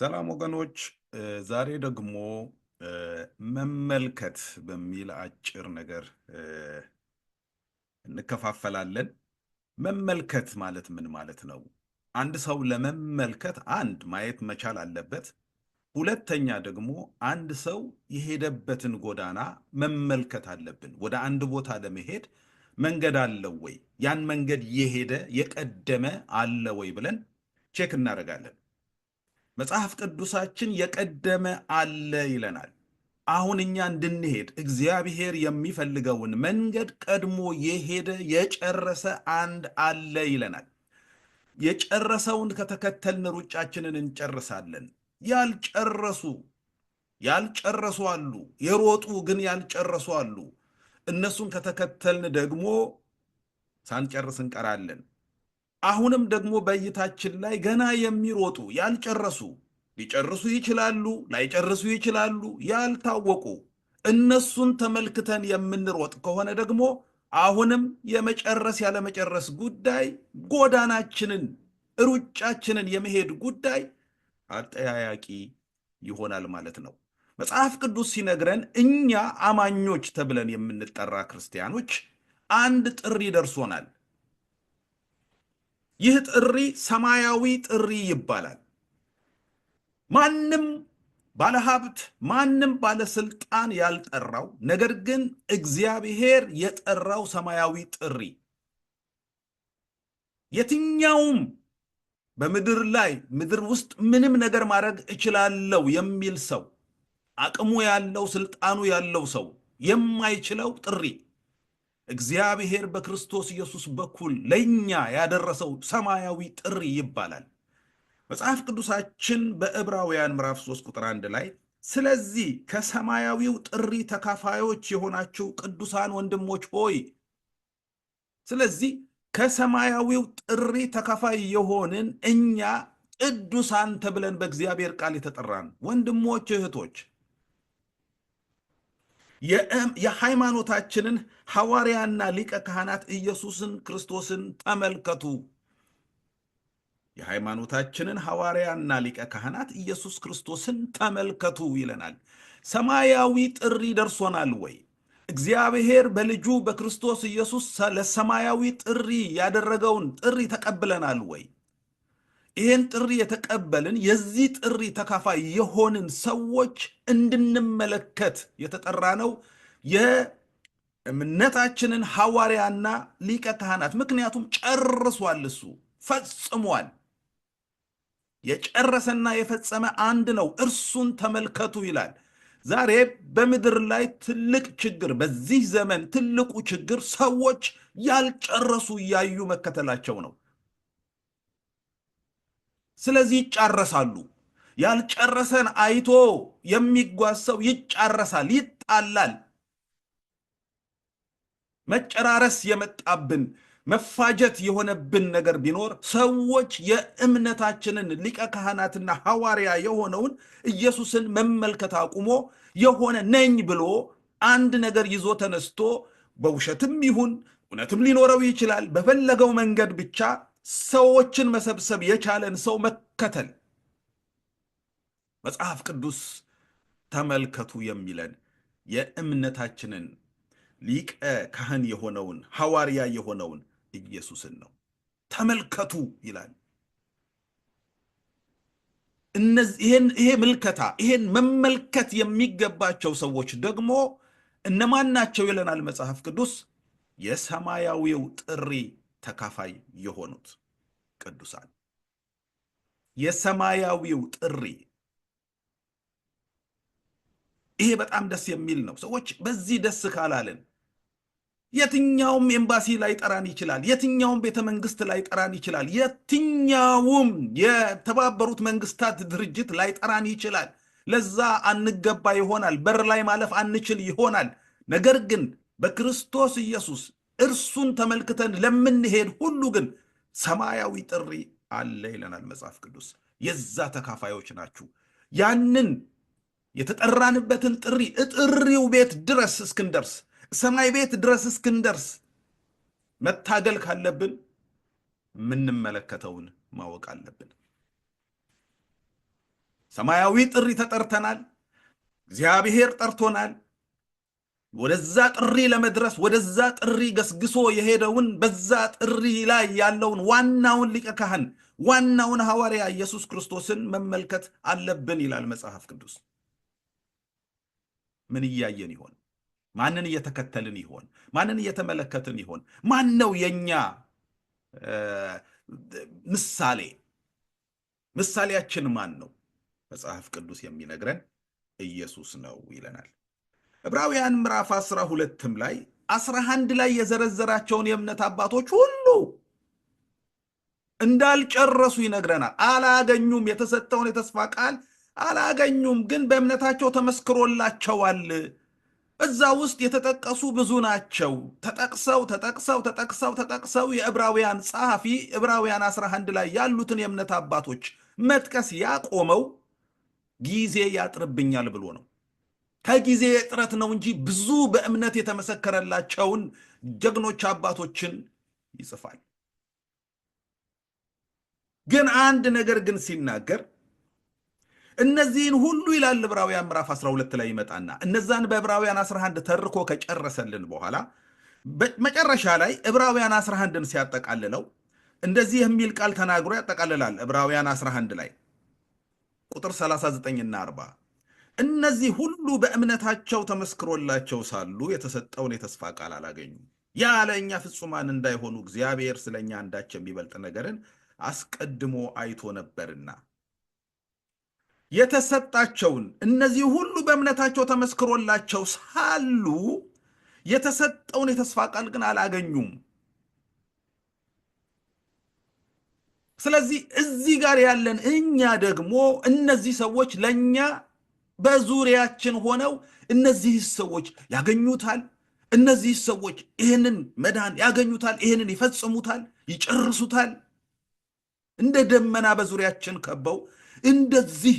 ሰላም ወገኖች፣ ዛሬ ደግሞ መመልከት በሚል አጭር ነገር እንከፋፈላለን። መመልከት ማለት ምን ማለት ነው? አንድ ሰው ለመመልከት አንድ ማየት መቻል አለበት። ሁለተኛ ደግሞ አንድ ሰው የሄደበትን ጎዳና መመልከት አለብን። ወደ አንድ ቦታ ለመሄድ መንገድ አለው ወይ? ያን መንገድ የሄደ የቀደመ አለ ወይ ብለን ቼክ እናደርጋለን። መጽሐፍ ቅዱሳችን የቀደመ አለ ይለናል። አሁን እኛ እንድንሄድ እግዚአብሔር የሚፈልገውን መንገድ ቀድሞ የሄደ የጨረሰ አንድ አለ ይለናል። የጨረሰውን ከተከተልን ሩጫችንን እንጨርሳለን። ያልጨረሱ ያልጨረሱ አሉ፣ የሮጡ ግን ያልጨረሱ አሉ። እነሱን ከተከተልን ደግሞ ሳንጨርስ እንቀራለን። አሁንም ደግሞ በእይታችን ላይ ገና የሚሮጡ ያልጨረሱ ሊጨርሱ ይችላሉ፣ ላይጨርሱ ይችላሉ፣ ያልታወቁ እነሱን ተመልክተን የምንሮጥ ከሆነ ደግሞ አሁንም የመጨረስ ያለመጨረስ ጉዳይ ጎዳናችንን ሩጫችንን የመሄድ ጉዳይ አጠያያቂ ይሆናል ማለት ነው። መጽሐፍ ቅዱስ ሲነግረን እኛ አማኞች ተብለን የምንጠራ ክርስቲያኖች አንድ ጥሪ ደርሶናል። ይህ ጥሪ ሰማያዊ ጥሪ ይባላል። ማንም ባለሀብት፣ ማንም ባለስልጣን ያልጠራው ነገር ግን እግዚአብሔር የጠራው ሰማያዊ ጥሪ የትኛውም በምድር ላይ ምድር ውስጥ ምንም ነገር ማድረግ እችላለሁ የሚል ሰው አቅሙ ያለው ስልጣኑ ያለው ሰው የማይችለው ጥሪ እግዚአብሔር በክርስቶስ ኢየሱስ በኩል ለእኛ ያደረሰው ሰማያዊ ጥሪ ይባላል። መጽሐፍ ቅዱሳችን በዕብራውያን ምዕራፍ 3 ቁጥር 1 ላይ ስለዚህ ከሰማያዊው ጥሪ ተካፋዮች የሆናችሁ ቅዱሳን ወንድሞች ሆይ፣ ስለዚህ ከሰማያዊው ጥሪ ተካፋይ የሆንን እኛ ቅዱሳን ተብለን በእግዚአብሔር ቃል የተጠራን ወንድሞች እህቶች የሃይማኖታችንን ሐዋርያና ሊቀ ካህናት ኢየሱስን ክርስቶስን ተመልከቱ። የሃይማኖታችንን ሐዋርያና ሊቀ ካህናት ኢየሱስ ክርስቶስን ተመልከቱ ይለናል። ሰማያዊ ጥሪ ደርሶናል ወይ? እግዚአብሔር በልጁ በክርስቶስ ኢየሱስ ለሰማያዊ ጥሪ ያደረገውን ጥሪ ተቀብለናል ወይ? ይህን ጥሪ የተቀበልን የዚህ ጥሪ ተካፋይ የሆንን ሰዎች እንድንመለከት የተጠራ ነው የእምነታችንን ሐዋርያና ሊቀ ካህናት። ምክንያቱም ጨርሷል፣ እሱ ፈጽሟል። የጨረሰና የፈጸመ አንድ ነው፣ እርሱን ተመልከቱ ይላል። ዛሬ በምድር ላይ ትልቅ ችግር፣ በዚህ ዘመን ትልቁ ችግር ሰዎች ያልጨረሱ እያዩ መከተላቸው ነው። ስለዚህ ይጫረሳሉ። ያልጨረሰን አይቶ የሚጓዝ ሰው ይጫረሳል፣ ይጣላል። መጨራረስ የመጣብን መፋጀት የሆነብን ነገር ቢኖር ሰዎች የእምነታችንን ሊቀ ካህናትና ሐዋርያ የሆነውን ኢየሱስን መመልከት አቁሞ የሆነ ነኝ ብሎ አንድ ነገር ይዞ ተነስቶ በውሸትም ይሁን እውነትም ሊኖረው ይችላል በፈለገው መንገድ ብቻ ሰዎችን መሰብሰብ የቻለን ሰው መከተል መጽሐፍ ቅዱስ ተመልከቱ የሚለን የእምነታችንን ሊቀ ካህን የሆነውን ሐዋርያ የሆነውን ኢየሱስን ነው። ተመልከቱ ይላል። ይሄ ምልከታ ይሄን መመልከት የሚገባቸው ሰዎች ደግሞ እነማን ናቸው ይለናል መጽሐፍ ቅዱስ። የሰማያዊው ጥሪ ተካፋይ የሆኑት ቅዱሳን የሰማያዊው ጥሪ ይሄ በጣም ደስ የሚል ነው። ሰዎች በዚህ ደስ ካላልን የትኛውም ኤምባሲ ላይ ጠራን ይችላል። የትኛውም ቤተ መንግስት ላይ ጠራን ይችላል። የትኛውም የተባበሩት መንግስታት ድርጅት ላይ ጠራን ይችላል። ለዛ አንገባ ይሆናል። በር ላይ ማለፍ አንችል ይሆናል። ነገር ግን በክርስቶስ ኢየሱስ እርሱን ተመልክተን ለምንሄድ ሁሉ ግን ሰማያዊ ጥሪ አለ ይለናል መጽሐፍ ቅዱስ። የዛ ተካፋዮች ናችሁ። ያንን የተጠራንበትን ጥሪ እጥሪው ቤት ድረስ እስክንደርስ ሰማይ ቤት ድረስ እስክንደርስ መታገል ካለብን የምንመለከተውን ማወቅ አለብን። ሰማያዊ ጥሪ ተጠርተናል። እግዚአብሔር ጠርቶናል። ወደዛ ጥሪ ለመድረስ ወደዛ ጥሪ ገስግሶ የሄደውን በዛ ጥሪ ላይ ያለውን ዋናውን ሊቀ ካህን ዋናውን ሐዋርያ ኢየሱስ ክርስቶስን መመልከት አለብን ይላል መጽሐፍ ቅዱስ። ምን እያየን ይሆን? ማንን እየተከተልን ይሆን? ማንን እየተመለከትን ይሆን? ማን ነው የኛ ምሳሌ? ምሳሌያችን ማን ነው? መጽሐፍ ቅዱስ የሚነግረን ኢየሱስ ነው ይለናል። ዕብራውያን ምዕራፍ አስራ ሁለትም ላይ አስራ አንድ ላይ የዘረዘራቸውን የእምነት አባቶች ሁሉ እንዳልጨረሱ ይነግረናል። አላገኙም፣ የተሰጠውን የተስፋ ቃል አላገኙም፣ ግን በእምነታቸው ተመስክሮላቸዋል። እዛ ውስጥ የተጠቀሱ ብዙ ናቸው። ተጠቅሰው ተጠቅሰው ተጠቅሰው ተጠቅሰው የዕብራውያን ጸሐፊ ዕብራውያን 11 ላይ ያሉትን የእምነት አባቶች መጥቀስ ያቆመው ጊዜ ያጥርብኛል ብሎ ነው። ከጊዜ እጥረት ነው እንጂ ብዙ በእምነት የተመሰከረላቸውን ጀግኖች አባቶችን ይጽፋል። ግን አንድ ነገር ግን ሲናገር እነዚህን ሁሉ ይላል ዕብራውያን ምዕራፍ 12 ላይ ይመጣና እነዛን በዕብራውያን 11 ተርኮ ከጨረሰልን በኋላ መጨረሻ ላይ ዕብራውያን 11ን ሲያጠቃልለው እንደዚህ የሚል ቃል ተናግሮ ያጠቃልላል። ዕብራውያን 11 ላይ ቁጥር 39 እና 40 እነዚህ ሁሉ በእምነታቸው ተመስክሮላቸው ሳሉ የተሰጠውን የተስፋ ቃል አላገኙም። ያ ለእኛ ፍጹማን እንዳይሆኑ እግዚአብሔር ስለ እኛ አንዳች የሚበልጥ ነገርን አስቀድሞ አይቶ ነበርና የተሰጣቸውን እነዚህ ሁሉ በእምነታቸው ተመስክሮላቸው ሳሉ የተሰጠውን የተስፋ ቃል ግን አላገኙም። ስለዚህ እዚህ ጋር ያለን እኛ ደግሞ እነዚህ ሰዎች ለእኛ በዙሪያችን ሆነው እነዚህ ሰዎች ያገኙታል፣ እነዚህ ሰዎች ይህንን መዳን ያገኙታል፣ ይህንን ይፈጽሙታል፣ ይጨርሱታል። እንደ ደመና በዙሪያችን ከበው እንደዚህ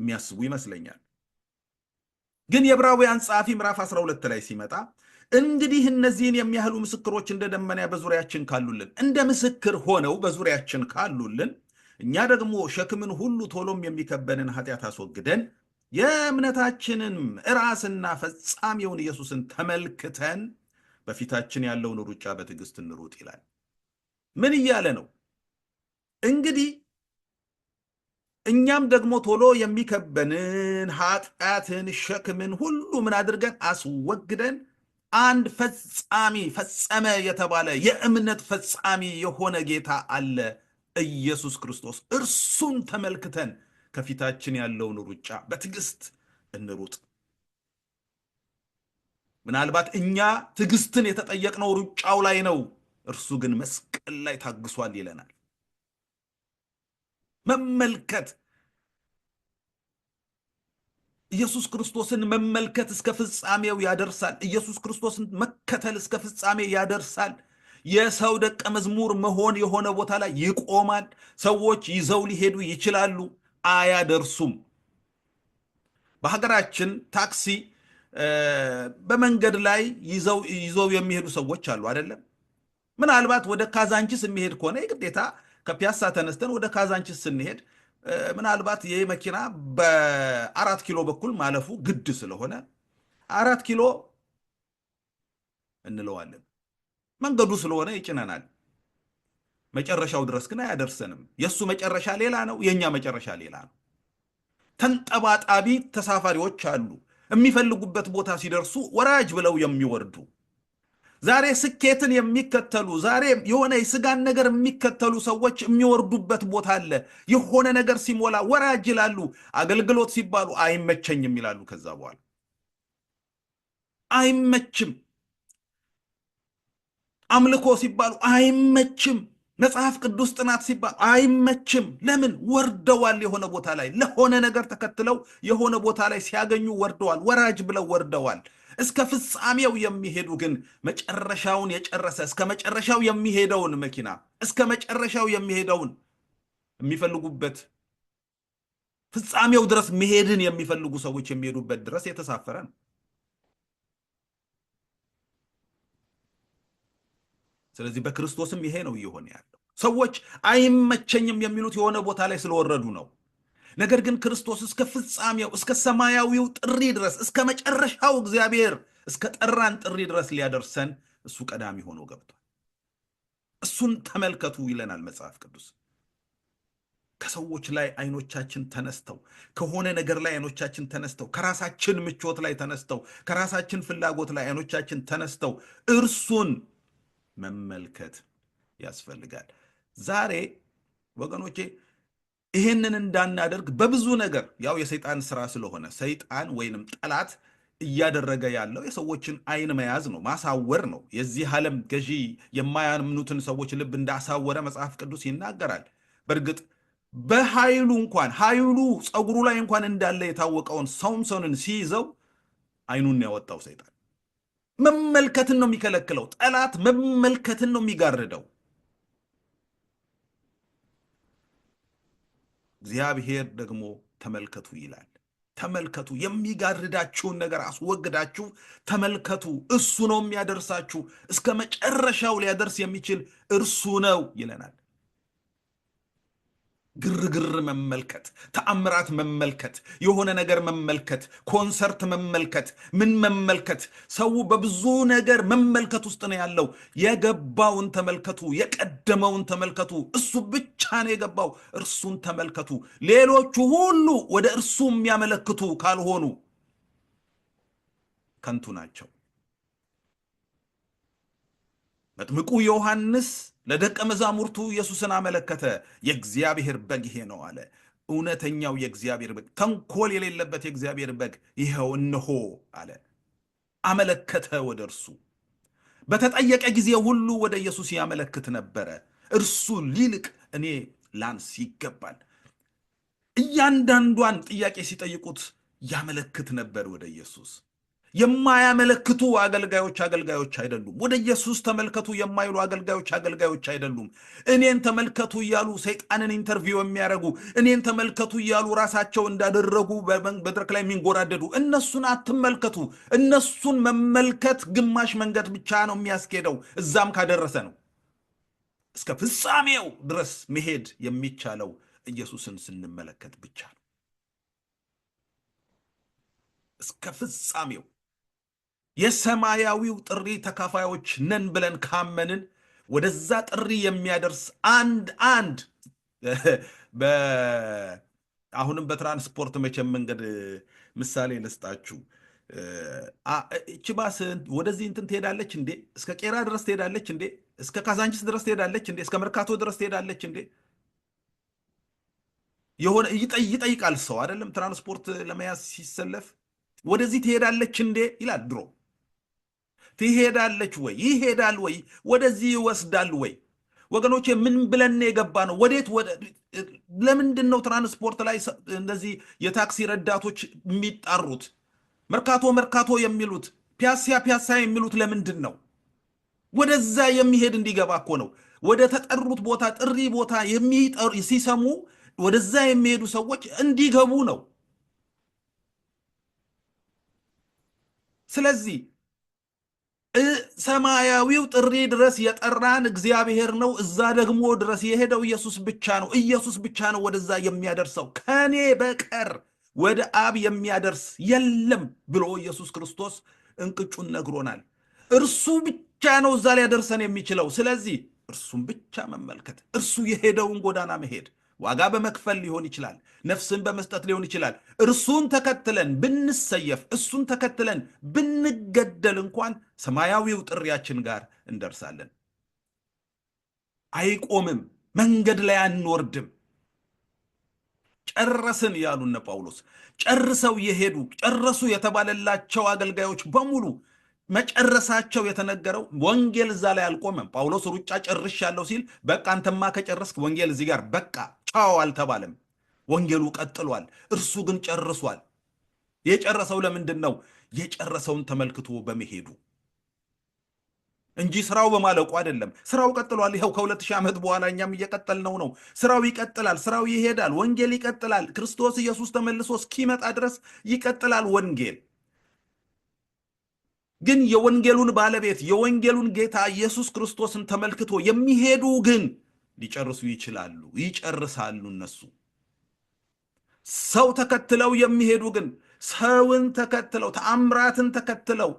የሚያስቡ ይመስለኛል። ግን የዕብራውያን ጸሐፊ ምዕራፍ 12 ላይ ሲመጣ እንግዲህ እነዚህን የሚያህሉ ምስክሮች እንደ ደመና በዙሪያችን ካሉልን፣ እንደ ምስክር ሆነው በዙሪያችን ካሉልን እኛ ደግሞ ሸክምን ሁሉ ቶሎም የሚከበንን ኃጢአት አስወግደን የእምነታችንን ራስና ፈጻሚውን ኢየሱስን ተመልክተን በፊታችን ያለውን ሩጫ በትዕግስት እንሩጥ ይላል። ምን እያለ ነው እንግዲህ? እኛም ደግሞ ቶሎ የሚከበንን ኃጢአትን፣ ሸክምን ሁሉ ምን አድርገን አስወግደን አንድ ፈጻሚ ፈጸመ የተባለ የእምነት ፈጻሚ የሆነ ጌታ አለ ኢየሱስ ክርስቶስ እርሱን ተመልክተን ከፊታችን ያለውን ሩጫ በትዕግስት እንሩጥ። ምናልባት እኛ ትዕግስትን የተጠየቅነው ሩጫው ላይ ነው፣ እርሱ ግን መስቀል ላይ ታግሷል ይለናል። መመልከት ኢየሱስ ክርስቶስን መመልከት እስከ ፍጻሜው ያደርሳል። ኢየሱስ ክርስቶስን መከተል እስከ ፍጻሜ ያደርሳል። የሰው ደቀ መዝሙር መሆን የሆነ ቦታ ላይ ይቆማል። ሰዎች ይዘው ሊሄዱ ይችላሉ፣ አያደርሱም። በሀገራችን ታክሲ በመንገድ ላይ ይዘው የሚሄዱ ሰዎች አሉ አይደለም። ምናልባት ወደ ካዛንቺስ የሚሄድ ከሆነ የግዴታ ከፒያሳ ተነስተን ወደ ካዛንቺስ ስንሄድ ምናልባት ይህ መኪና በአራት ኪሎ በኩል ማለፉ ግድ ስለሆነ አራት ኪሎ እንለዋለን። መንገዱ ስለሆነ ይጭነናል። መጨረሻው ድረስ ግን አያደርሰንም። የእሱ መጨረሻ ሌላ ነው፣ የእኛ መጨረሻ ሌላ ነው። ተንጠባጣቢ ተሳፋሪዎች አሉ። የሚፈልጉበት ቦታ ሲደርሱ ወራጅ ብለው የሚወርዱ ዛሬ ስኬትን የሚከተሉ ዛሬ የሆነ የስጋን ነገር የሚከተሉ ሰዎች የሚወርዱበት ቦታ አለ። የሆነ ነገር ሲሞላ ወራጅ ይላሉ። አገልግሎት ሲባሉ አይመቸኝም ይላሉ። ከዛ በኋላ አይመችም አምልኮ ሲባሉ አይመችም። መጽሐፍ ቅዱስ ጥናት ሲባል አይመችም። ለምን ወርደዋል? የሆነ ቦታ ላይ ለሆነ ነገር ተከትለው የሆነ ቦታ ላይ ሲያገኙ ወርደዋል። ወራጅ ብለው ወርደዋል። እስከ ፍጻሜው የሚሄዱ ግን መጨረሻውን የጨረሰ እስከ መጨረሻው የሚሄደውን መኪና እስከ መጨረሻው የሚሄደውን የሚፈልጉበት ፍጻሜው ድረስ መሄድን የሚፈልጉ ሰዎች የሚሄዱበት ድረስ የተሳፈረ ነው። ስለዚህ በክርስቶስም ይሄ ነው እየሆነ ያለው። ሰዎች አይመቸኝም የሚሉት የሆነ ቦታ ላይ ስለወረዱ ነው። ነገር ግን ክርስቶስ እስከ ፍጻሜው እስከ ሰማያዊው ጥሪ ድረስ እስከ መጨረሻው እግዚአብሔር እስከ ጠራን ጥሪ ድረስ ሊያደርሰን እሱ ቀዳሚ ሆኖ ገብቷል። እሱን ተመልከቱ ይለናል መጽሐፍ ቅዱስ። ከሰዎች ላይ አይኖቻችን ተነስተው ከሆነ ነገር ላይ አይኖቻችን ተነስተው ከራሳችን ምቾት ላይ ተነስተው ከራሳችን ፍላጎት ላይ አይኖቻችን ተነስተው እርሱን መመልከት ያስፈልጋል። ዛሬ ወገኖቼ ይህንን እንዳናደርግ በብዙ ነገር ያው የሰይጣን ስራ ስለሆነ ሰይጣን ወይንም ጠላት እያደረገ ያለው የሰዎችን አይን መያዝ ነው፣ ማሳወር ነው። የዚህ ዓለም ገዢ የማያምኑትን ሰዎች ልብ እንዳሳወረ መጽሐፍ ቅዱስ ይናገራል። በእርግጥ በኃይሉ እንኳን ኃይሉ ፀጉሩ ላይ እንኳን እንዳለ የታወቀውን ሰምሶንን ሲይዘው አይኑን ያወጣው ሰይጣን መመልከትን ነው የሚከለክለው። ጠላት መመልከትን ነው የሚጋርደው። እግዚአብሔር ደግሞ ተመልከቱ ይላል። ተመልከቱ፣ የሚጋርዳችሁን ነገር አስወግዳችሁ ተመልከቱ። እሱ ነው የሚያደርሳችሁ፣ እስከ መጨረሻው ሊያደርስ የሚችል እርሱ ነው ይለናል። ግርግር መመልከት፣ ተአምራት መመልከት፣ የሆነ ነገር መመልከት፣ ኮንሰርት መመልከት፣ ምን መመልከት። ሰው በብዙ ነገር መመልከት ውስጥ ነው ያለው። የገባውን ተመልከቱ፣ የቀደመውን ተመልከቱ። እሱ ብቻ ነው የገባው፣ እርሱን ተመልከቱ። ሌሎቹ ሁሉ ወደ እርሱ የሚያመለክቱ ካልሆኑ ከንቱ ናቸው። መጥምቁ ዮሐንስ ለደቀ መዛሙርቱ ኢየሱስን አመለከተ። የእግዚአብሔር በግ ይሄ ነው አለ። እውነተኛው የእግዚአብሔር በግ፣ ተንኮል የሌለበት የእግዚአብሔር በግ ይኸው እነሆ አለ። አመለከተ ወደ እርሱ። በተጠየቀ ጊዜ ሁሉ ወደ ኢየሱስ ያመለክት ነበረ። እርሱ ሊልቅ እኔ ላንስ ይገባል። እያንዳንዷን ጥያቄ ሲጠይቁት ያመለክት ነበር ወደ ኢየሱስ። የማያመለክቱ አገልጋዮች አገልጋዮች አይደሉም። ወደ ኢየሱስ ተመልከቱ የማይሉ አገልጋዮች አገልጋዮች አይደሉም። እኔን ተመልከቱ እያሉ ሰይጣንን ኢንተርቪው የሚያደርጉ እኔን ተመልከቱ እያሉ ራሳቸው እንዳደረጉ በመድረክ ላይ የሚንጎራደዱ እነሱን አትመልከቱ። እነሱን መመልከት ግማሽ መንገድ ብቻ ነው የሚያስኬደው። እዛም ካደረሰ ነው እስከ ፍጻሜው ድረስ መሄድ የሚቻለው ኢየሱስን ስንመለከት ብቻ ነው እስከ ፍጻሜው የሰማያዊው ጥሪ ተካፋዮች ነን ብለን ካመንን ወደዛ ጥሪ የሚያደርስ አንድ አንድ አሁንም በትራንስፖርት መቼም መንገድ ምሳሌ ልስጣችሁ። እቺ ወደዚህ እንትን ትሄዳለች እንዴ? እስከ ቄራ ድረስ ትሄዳለች እንዴ? እስከ ካዛንችስ ድረስ ትሄዳለች እንዴ? እስከ መርካቶ ድረስ ትሄዳለች እንዴ? የሆነ ይጠይቃል ሰው አይደለም። ትራንስፖርት ለመያዝ ሲሰለፍ ወደዚህ ትሄዳለች እንዴ ይላል ድሮ ትሄዳለች ወይ? ይሄዳል ወይ? ወደዚህ ይወስዳል ወይ? ወገኖች ምን ብለን የገባ ነው? ወዴት? ለምንድን ነው ትራንስፖርት ላይ እንደዚህ የታክሲ ረዳቶች የሚጣሩት? መርካቶ መርካቶ የሚሉት ፒያሳ ፒያሳ የሚሉት ለምንድን ነው? ወደዛ የሚሄድ እንዲገባ እኮ ነው። ወደ ተጠሩት ቦታ ጥሪ ቦታ ሲሰሙ ወደዛ የሚሄዱ ሰዎች እንዲገቡ ነው። ስለዚህ ሰማያዊው ጥሪ ድረስ የጠራን እግዚአብሔር ነው። እዛ ደግሞ ድረስ የሄደው ኢየሱስ ብቻ ነው። ኢየሱስ ብቻ ነው ወደዛ የሚያደርሰው ከኔ በቀር ወደ አብ የሚያደርስ የለም ብሎ ኢየሱስ ክርስቶስ እንቅጩን ነግሮናል። እርሱ ብቻ ነው እዛ ሊያደርሰን የሚችለው። ስለዚህ እርሱን ብቻ መመልከት፣ እርሱ የሄደውን ጎዳና መሄድ ዋጋ በመክፈል ሊሆን ይችላል፣ ነፍስን በመስጠት ሊሆን ይችላል። እርሱን ተከትለን ብንሰየፍ፣ እሱን ተከትለን ብንገደል እንኳን ሰማያዊው ጥሪያችን ጋር እንደርሳለን። አይቆምም፣ መንገድ ላይ አንወርድም። ጨረስን ያሉነ ጳውሎስ ጨርሰው የሄዱ ጨረሱ የተባለላቸው አገልጋዮች በሙሉ መጨረሳቸው የተነገረው ወንጌል እዛ ላይ አልቆመም። ጳውሎስ ሩጫ ጨርሻለሁ ሲል በቃ አንተማ ከጨረስክ ወንጌል እዚህ ጋር በቃ ቻው አልተባለም። ወንጌሉ ቀጥሏል። እርሱ ግን ጨርሷል። የጨረሰው ለምንድን ነው? የጨረሰውን ተመልክቶ በመሄዱ እንጂ ስራው በማለቁ አይደለም። ስራው ቀጥሏል። ይኸው ከሁለት ሺህ ዓመት በኋላ እኛም እየቀጠልነው ነው። ስራው ይቀጥላል። ስራው ይሄዳል። ወንጌል ይቀጥላል። ክርስቶስ ኢየሱስ ተመልሶ እስኪመጣ ድረስ ይቀጥላል ወንጌል ግን የወንጌሉን ባለቤት የወንጌሉን ጌታ ኢየሱስ ክርስቶስን ተመልክቶ የሚሄዱ ግን ሊጨርሱ ይችላሉ፣ ይጨርሳሉ። እነሱ ሰው ተከትለው የሚሄዱ ግን ሰውን ተከትለው ተአምራትን ተከትለው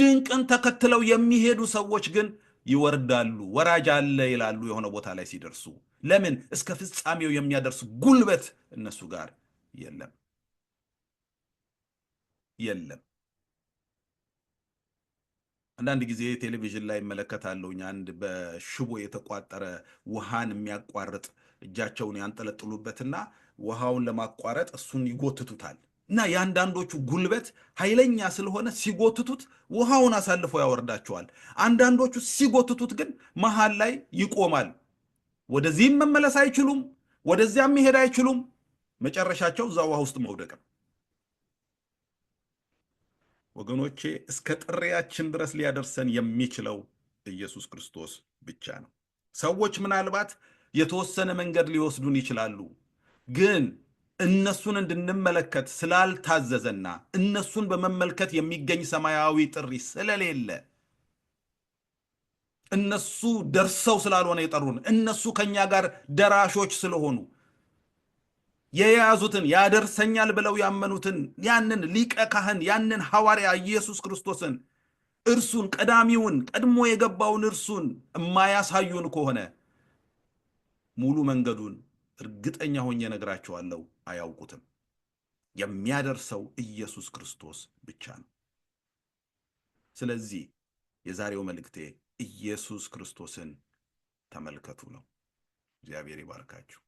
ድንቅን ተከትለው የሚሄዱ ሰዎች ግን ይወርዳሉ። ወራጅ አለ ይላሉ የሆነ ቦታ ላይ ሲደርሱ። ለምን እስከ ፍጻሜው የሚያደርስ ጉልበት እነሱ ጋር የለም የለም። አንዳንድ ጊዜ ቴሌቪዥን ላይ እመለከታለሁኝ። አንድ በሽቦ የተቋጠረ ውሃን የሚያቋርጥ እጃቸውን ያንጠለጥሉበትና ውሃውን ለማቋረጥ እሱን ይጎትቱታል እና የአንዳንዶቹ ጉልበት ኃይለኛ ስለሆነ ሲጎትቱት ውሃውን አሳልፎ ያወርዳቸዋል። አንዳንዶቹ ሲጎትቱት ግን መሃል ላይ ይቆማል። ወደዚህም መመለስ አይችሉም፣ ወደዚያም መሄድ አይችሉም። መጨረሻቸው እዛ ውሃ ውስጥ መውደቅ ነው። ወገኖቼ እስከ ጥሪያችን ድረስ ሊያደርሰን የሚችለው ኢየሱስ ክርስቶስ ብቻ ነው። ሰዎች ምናልባት የተወሰነ መንገድ ሊወስዱን ይችላሉ፣ ግን እነሱን እንድንመለከት ስላልታዘዘና እነሱን በመመልከት የሚገኝ ሰማያዊ ጥሪ ስለሌለ እነሱ ደርሰው ስላልሆነ የጠሩን እነሱ ከኛ ጋር ደራሾች ስለሆኑ የያዙትን ያደርሰኛል ብለው ያመኑትን ያንን ሊቀ ካህን ያንን ሐዋርያ ኢየሱስ ክርስቶስን እርሱን ቀዳሚውን ቀድሞ የገባውን እርሱን የማያሳዩን ከሆነ ሙሉ መንገዱን እርግጠኛ ሆኜ ነግራቸዋለሁ፣ አያውቁትም። የሚያደርሰው ኢየሱስ ክርስቶስ ብቻ ነው። ስለዚህ የዛሬው መልእክቴ ኢየሱስ ክርስቶስን ተመልከቱ ነው። እግዚአብሔር ይባርካችሁ።